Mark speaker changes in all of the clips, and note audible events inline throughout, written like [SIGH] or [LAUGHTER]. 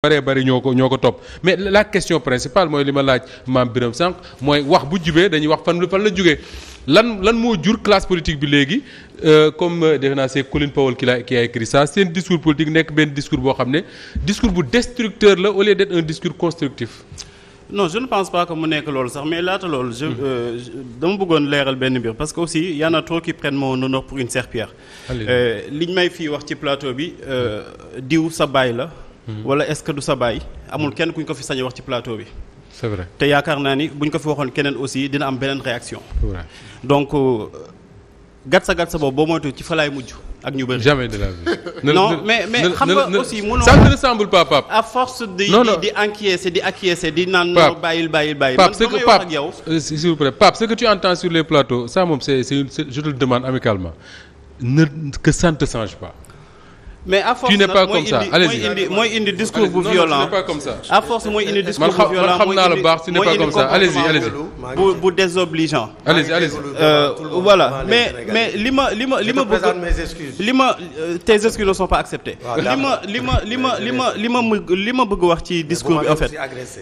Speaker 1: bëree bëri ñoo ko ñoo ko topp mais la question principale mooy li ma laaj maam Birame sànq mooy wax bu jibee dañuy wax fan fan la jugee lan lan moo jur classe politique bi léegi euh, comme euh, defe naa c'est Colin Powell qui l'a qui a seen discours politique nekk benn discours boo xam ne discours bu destructeur la au lieu
Speaker 2: d'être un discours constructif. non je ne pense pas que mu nekk lool sax mais laata lool je hmm. euh, dama bëggoon leeral benn mbir parce que aussi y en a trop qui prennent mon n pour une serpillière. liñ may fii wax ci plateau bi diw sa baay la. Hmm. wala est-ce que du sa baay amul kenn kuñ ko fi sañ wax ci plateau bi. c'est vrai te yaakaar naa ni buñ ko fi waxoon keneen aussi dina am beneen réaction. donc euh, gàtt sa gàtt sa boobu boo moytu ci falaay mujj. ak ñu bëri [LAUGHS] non mais mais xam nga aussi mënoo. ça ne ressemble pas Pape. à force di naan. Pape bàyyil bàyyil bàyyil. man dama wax ak yow
Speaker 1: euh, les plateaux ça moom c'est c'est je te le demande amicalement ne change pas. mais à force mooy indi mooy indi discours bu violent
Speaker 2: à force mooy indi discours bu violent mooy indi mooy indi comportement bu bu désobligeant. Euh, mais mais li ma li ma li ma bëgg li ma euh, tes excuses ne sont pas acceptées. li ma li ma li ma li ma li ma li ma bëgg wax ci discours bi en fait.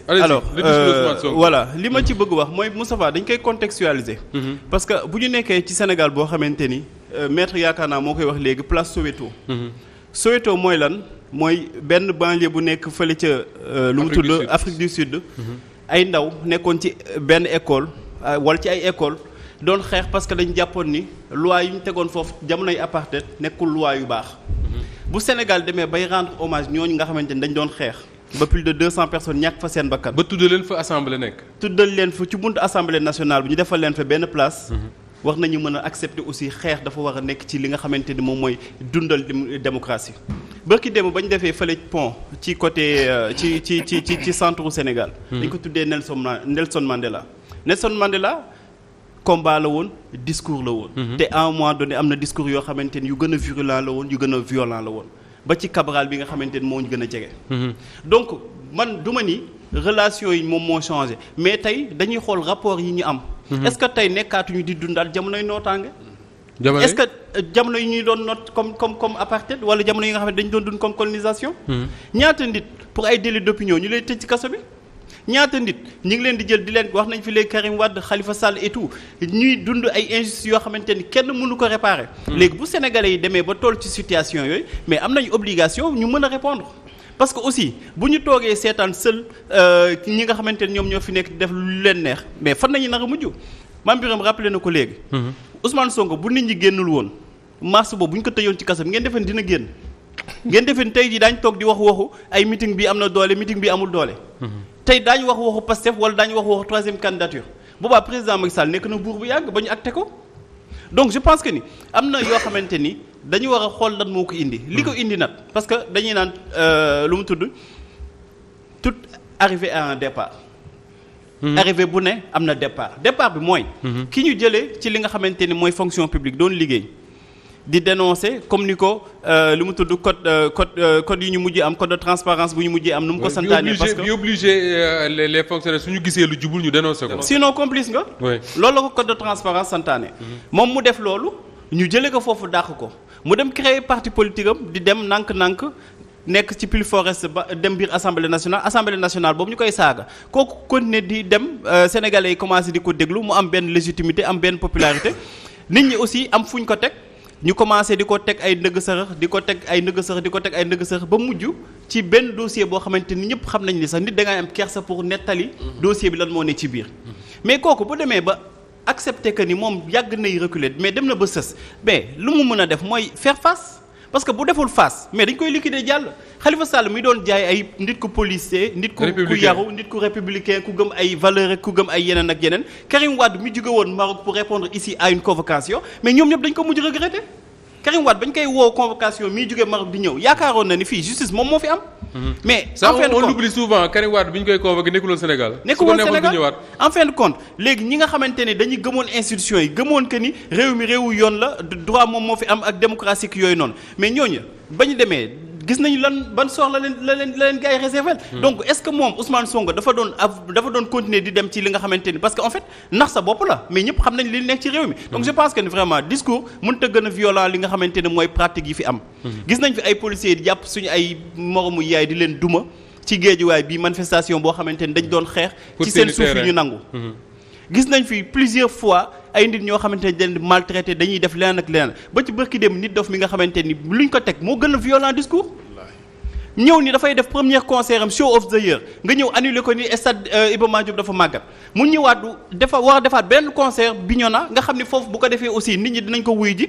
Speaker 2: alors euh, voilà li ma ci bëgg wax mooy Moustapha dañ koy contextualiser. Mm-hmm. parce que bu ñu nekkee ci Sénégal boo xamante ni maître yaakaar naa moo koy wax léegi place Soweto. Mm-hmm. Soweto mooy lan mooy benn banlieue bu nekk fële ca euh, lu mu tudd Afrique du Sud mhm. ay ndaw nekkoon ci benn école euh, wala ci ay école doon xeex parce que dañ jàppoon ni loi yu ñu tegoon foofu jamonoy apartheid nekkul loi yu baax mhm. bu Sénégal demee bay rendre hommage ñooñu nga xamante ni dañ doon xeex ba plus de 200 personnes ñàkk fa seen bakkan ba tuddal leen fa assemblée nekk tuddal leen fa ci buntu assemblée nationale bi ñu defal leen fa benn place mhm. war nañu mën a accepter aussi xeex dafa war a nekk ci li nga xamante ni moom mooy dundal démocratie bërki démb ba ñu defee fële pont ci côté euh, ci ci ci ci ci centre Sénégal. Hmm. dañ ko tuddee Nelson Nelson Mandela. Nelson Mandela combat la woon discours la woon. Hmm. te à un moment donné am na discours yoo xamante ni yu gën a virulent la woon yu gën a violent la woon ba ci Cabral bi nga xamante ni moo ñu gën a jege. Hmm. donc man duma ni relation yi moom moo changé mais tey dañuy xool rapport yi ñu am. Mm-hmm. est-ce que tey nekkaatuñu di dundal jamonoy nootaange. jamono est-ce que euh, jamono yi ñuy doon not comme comme comme apartheid wala jamono yi nga xam ne dañu doon dund comme colonisation. Mm-hmm. ñaata nit pour ay délits d'opinion ñu leen tëj ci kaso bi. ñaata nit ñi ngi leen di jël di leen wax nañ fi léegi Karim Wade xalifa Sall et tout ñuy dund ay injustices yoo xamante ni kenn mënu ko réparer. Mm-hmm. léegi bu sénégalais yi demee ba tool ci situation yooyu mais am nañu obligation ñu mën a répondre. parce que aussi bu ñu toogee seetaan seul euh, ñi nga xamante ne ñoom ñoo fi nekk def lu leen neex mais fan nañu nar a mujj Mame Birame rappelé na ko léegi. Mhm. Ousmane Sonko bu nit ñi génnul woon mars boobu bu ñu ko tëjoon ci kasam ngeen defeen dina génn. ngeen defeen tey jii daañu toog di wax waxu ay meeting bi am na doole meeting bi amul doole. Mhm. tey daañu wax waxu Pastef wala daañu wax waxu troisième candidature boobaa président Macky nekk na buur bu yàgg ba ñu acté ko. donc je pense que ni am na yoo xamante ni dañu war a xool lan moo ko indi. li ko hmm. indi nag parce que dañuy naan euh, lu mu tudd tout arrivé en un départ. Hmm. arrivé bu ne am na départ départ bi mooy. Hmm. ki ñu jëlee ci li nga xamante ni mooy fonction publique doon liggéey. di dénoncer comme ni ko euh, lu mu tudd code euh, euh, code yi ñu mujj am code de transparence bu ñu mujjee am nu mu ko santaane parce que bi
Speaker 1: obligé les les su ñu gisee lu jubul ñu dénoncer ko. sinon
Speaker 2: complice nga. loolu la ko code de transparence santaane. Mhm. moom mu def loolu ñu jëlee ko foofu dàq ko mu dem créer parti politique am di dem nànk-nànk. nekk ci plus forest ba dem biir assemblée nationale assemblée nationale boobu ñu koy saaga kooku continuer di dem sénégalais yi commencé di ko déglu mu am benn légitimité am benn popularité nit ñi aussi am fu ñu ko teg. ñu commencé di ko teg ay ndëgg di ko teg ay ndëgg sërëx di ko teg ay ndëgg sërëx ba mujj ci benn dossier boo xamante ni ñëpp xam nañ ni sax nit da ngay am kersa pour nettali dossier bi lan moo ne ci biir mais kooku bu demee ba accepter que ni moom yàgg nay reculer mais dem na ba sës mais lu mu mën a def mooy faire face parce que bu deful face mais dañ koy liquider jàll Khalifa Sall mi doon jaay ay nit ku policier nit ku ku yaru nit ku républicain ku gëm ay valeur ak ku gëm ay yeneen ak yeneen Karim Wade mi jóge woon Maroc pour répondre ici à une convocation mais ñoom ñëpp dañ ko mujj regretter Karim Wade bañ koy woo convocation mii jóge Maroc di ñëw yaakaaroon na ni fii justice moom moo fi am Mhm. mais en fin de compte on oublie
Speaker 1: souvent Karim Wade bi ñu koy convoqué nekkul woon Sénégal. nekkul woon Sénégal
Speaker 2: en fin de compte léegi ñi nga xamante ne dañuy gëmoon institution yi gëmoon que ni réew mi réewu yoon la droit moom moo fi am ak démocratique yooyu noonu mais ñooñu ba ñu demee gis nañu lan ban soxla leen la leen la leen gars yi réservé hmm. donc est ce que moom Ousmane Sonko dafa doon dafa doon continuer di dem ci li nga xamante ni parce que en fait nax sa bopp la mais ñëpp xam nañ li nekk ci réew mi donc hmm. je pense que vraiment discours mënut a gën a violent li nga xamante ne mooy pratique yi fi am hmm. gis nañ fi ay policiers di jàpp suñu ay moromu yaay di leen duma ci géejuwaay bi manifestation boo xamante ni dañ doon xeex ci seen suuf yi gis nañ fi plusieurs fois ay nit ñoo xamante ne dañ maltraité dañuy def leneen ak leneen ba ci bërki dem nit dof mi nga xamante ni luñ ko teg moo gën a violent discours. ñëw ni dafay def première concert am show of the year nga ñëw annulé ko ni stade euh, Iba Mar Diop dafa màggat mu ñëwaat dafa war a defaat benn concert na nga xam ni foofu bu ko defee aussi nit ñi dinañ ko wuy ji.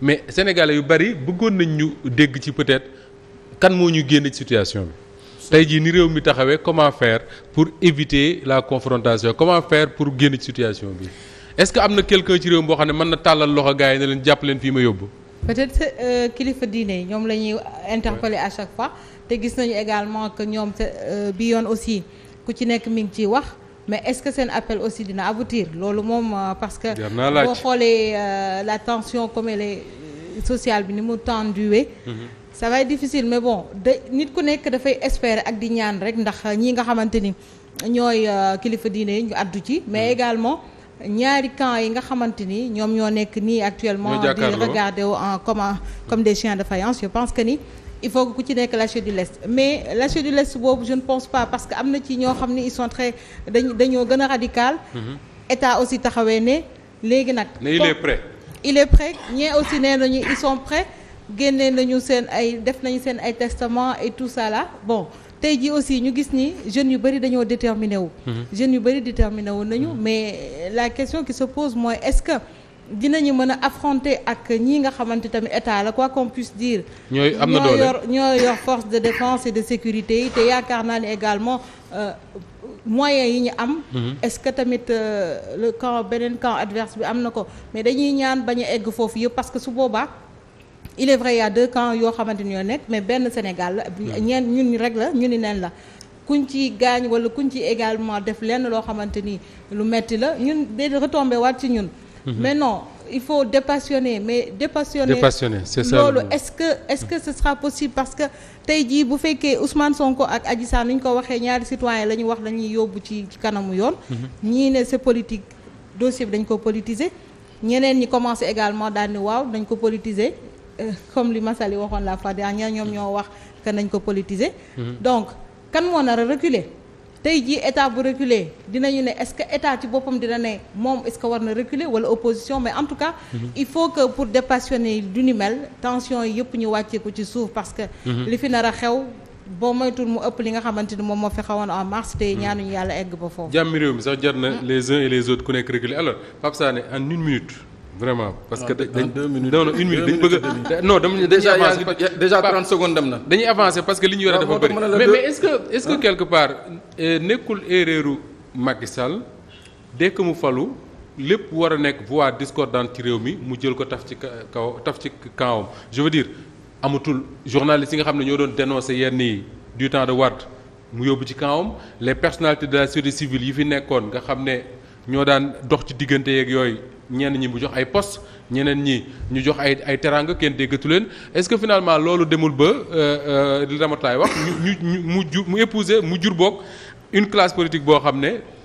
Speaker 1: mais sénégalais yu bari bëggoon nañ ñu dégg ci peut-être kan moo ñu génne ci situation bi. tey jii ni réew mi taxawee comment faire pour éviter la confrontation comment faire pour génn ci situation bi est-ce que am na quelqu'un ci réew mi xam ne mën na tàllal loxo gars yi ne leen jàpp leen fii ma yóbbu.
Speaker 3: peut-être euh, kilifa diine yi ñoom la ñuy interpeller à chaque fois te gis nañu également que ñoom euh, bi yoon aussi ku ci nekk mi ngi ciy wax. mais est-ce que seen appel aussi dina aboutir loolu moom euh, parce que boo xoolee euh, la tension comme elle euh, sociale bi ni mu tenduwee mhm. ça va être difficile mais bon de nit ku nekk dafay espérer ak di ñaan rek ndax ñi nga xamante ni ñooy kilifa diine yi ñu addu ci mais mhm. également ñaari camp yi nga xamante ni ñoom ñoo nekk nii actuellement di regarder en comme comme des chiens de faïence je pense que nii il faut que ku ci nekk lâcher du lest mais lâcher du lest boobu jeune ne pense pas parce que am na ci ñoo xam ne ils sont dañoo gën a radical mm-hmm. état aussi taxawee ne léegi nag il est prêt il est prêt ñee aussi nee nañu ils sont prêts seen ay def nañu seen ay testament et tout ça bon tey jii aussi ñu gis ni jeunes yu bëri dañoo déterminé wu mm-hmm. jeunes yu bëri déterminé wu nañu mais la question qui se pose mooy est-ce que dinañu mën a affronter ak ñi nga xamante tamit état la ko qu'on puisse dire. ñooy am na doole ñoo yor force de défense et de sécurité yi te yaakaar naa ne également euh, moyens yi ñu am. Mhm. est-ce que tamit euh, le camp beneen camp adverse bi am na ko mais dañuy ñaan bañ egg foofu yëpp parce que su boobaa. il est vrai il yoo xamante ni ñoo nekk mais benn Sénégal la mhm. ñeen ñun rek la ñu ni neen la kuñ ci gaañ wala kuñ ci également def lenn loo xamante ni lu metti la ñun day retombé ci ñun Mhm. mais non il faut dépassionner mais dépassionner. dépassionner c'est ça loolu est-ce que est-ce que ce sera possible parce que tey jii bu fekkee Ousmane Sonko ak Adji Sarr ni ñu ko waxee ñaari citoyen la ñu wax lañuy yóbbu ci kanamu yoon. Mhm. ñii ne c'est politique dossier bi dañ ko politiser ñeneen ñi commencé également daal ni waaw dañ ko politiser euh, comme li massa li waxoon la fois dernière ñoom ñoo wax que nañ ko politiser. Mhm. donc kan moo nar a tey jii état bu reculer dinañu ne est-ce que état ci boppam dina ne moom est-ce que war na reculer wala opposition mais en tout cas. Mhm. il faut que pour dépassionner du ni mel tension yi yëpp ñu wàcceeku ci suuf parce que. Mhm. li fi nar a xew. boo moytul mu ëpp li nga xamante ni moom moo fi xawoon en mars te mhm. ñaanuñu yàlla egg ba foofu.
Speaker 1: jàmm réew mi sax jar na les uns et les autres ku nekk reculer alors Pape en une minute. vraiment parce que dañ non non une minute dañ bëgg non dama déjà na. dañuy avancer parce que li ñu yore dafa bëri mais mais est que est-ce que quelque part euh, nekkul erreuru Macky Sall dès mu falu lépp war a nekk voix discordante ci réew mi mu jël ko taf ci kaw taf ci kawam je veux dire amatul journaliste yi nga xam ne ñoo doon dénoncer yenn yi du temps de Wade mu yóbbu ci kawam les personnalités de la société civile yi fi nekkoon nga xam ne ñoo daan dox ci diggante yeeg yooyu. ñenn ñi mu jox ay poste ñeneen ñi ñu jox ay ay teranga kenn déggatu leen est-ce que finalement loolu demul ba euh, euh, li Ramataay wax ñu ñu mu mu épouser mu jur boog une classe politique boo xam ne